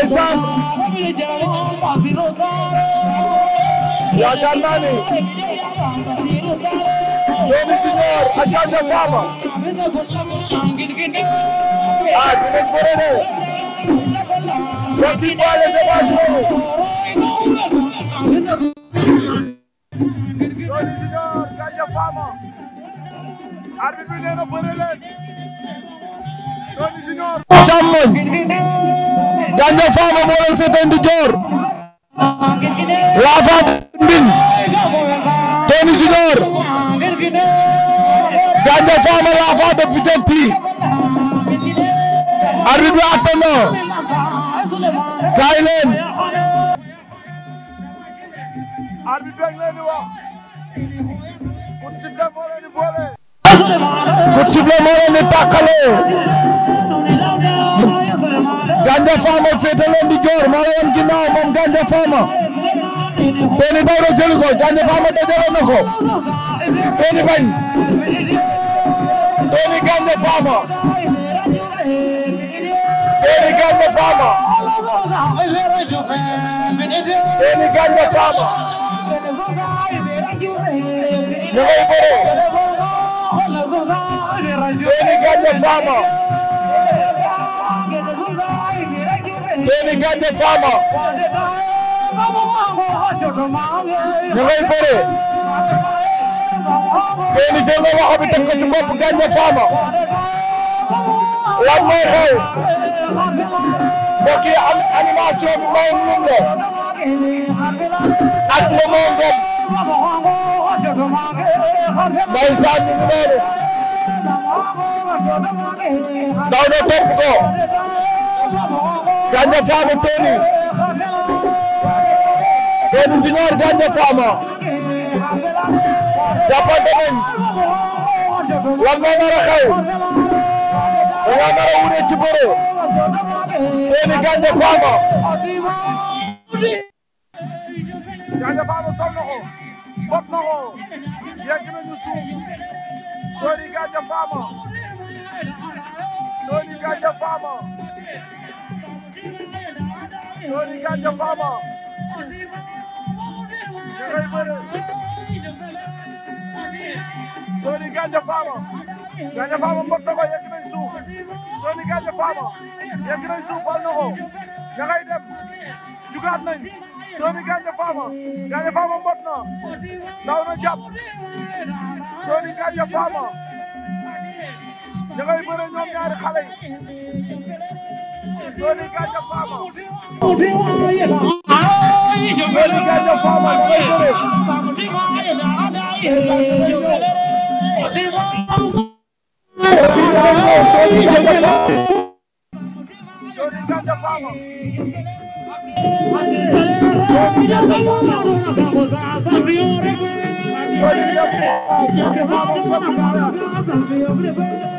ndeysaan yaakaar naa ni doomi Junior ak Gandia Fama ah dinañ bëre de waxtu baale sa baat boobu doomi Junior Gandia Fama arbitre bi nee na bëre leen doomi Junior càmmoñ Gandia Fama moo leen féetee ndijoor Lafa Mbin Tony Junior Gandia Fama Lafa député Pi arbitre bi àtte bi leen di wax coup de sifflet moo leen di boole Gandia Fama féete leen di joor moo la woon ginnaaw moom Gandia Fama Tony Bairo jëli ko Gandia Fama dajale na ko Tony bañ Tony Gandia Fama Tony Gandia Fama Tony Gandia Fama ñu ngay bëre Tony Gandia Fama Déni Gandia Sama ñu ngay bëre Déni jël na loxo bi teg ko ci bopp Gandia Sama xew mbokk animation may mun ak le mongom may saan ñu noonu daw na topp Gandia Fama Tony Tony Junior Gandia Fama jàppante nañ lan moo nar a xew da nga nar a wute ci bëre Tony Gandia Fama Gandia Fama sol na ko bot na ko yegg nañu suuf Tony Gandia Fama a Ganja Farmer. Tony Ganja Farmer. Tony Ganja Farmer. Ganja Farmer mbot na ko yegg nañ suuf. Tony Ganja Farmer yegg nañ suuf bal na ko. ña ngay dem jugaat nañ. Tony Ganja Farmer. Ganja Farmer na. daw na jàpp. Tony Ganja Farmer. da ngay bëre ñoom ñaari xale yi Doni Gandia Fama Doni Gandia Fama da ngay bëre Doni Gandia Fama Doni Gandia Fama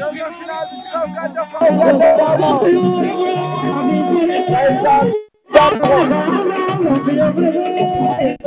Thank you.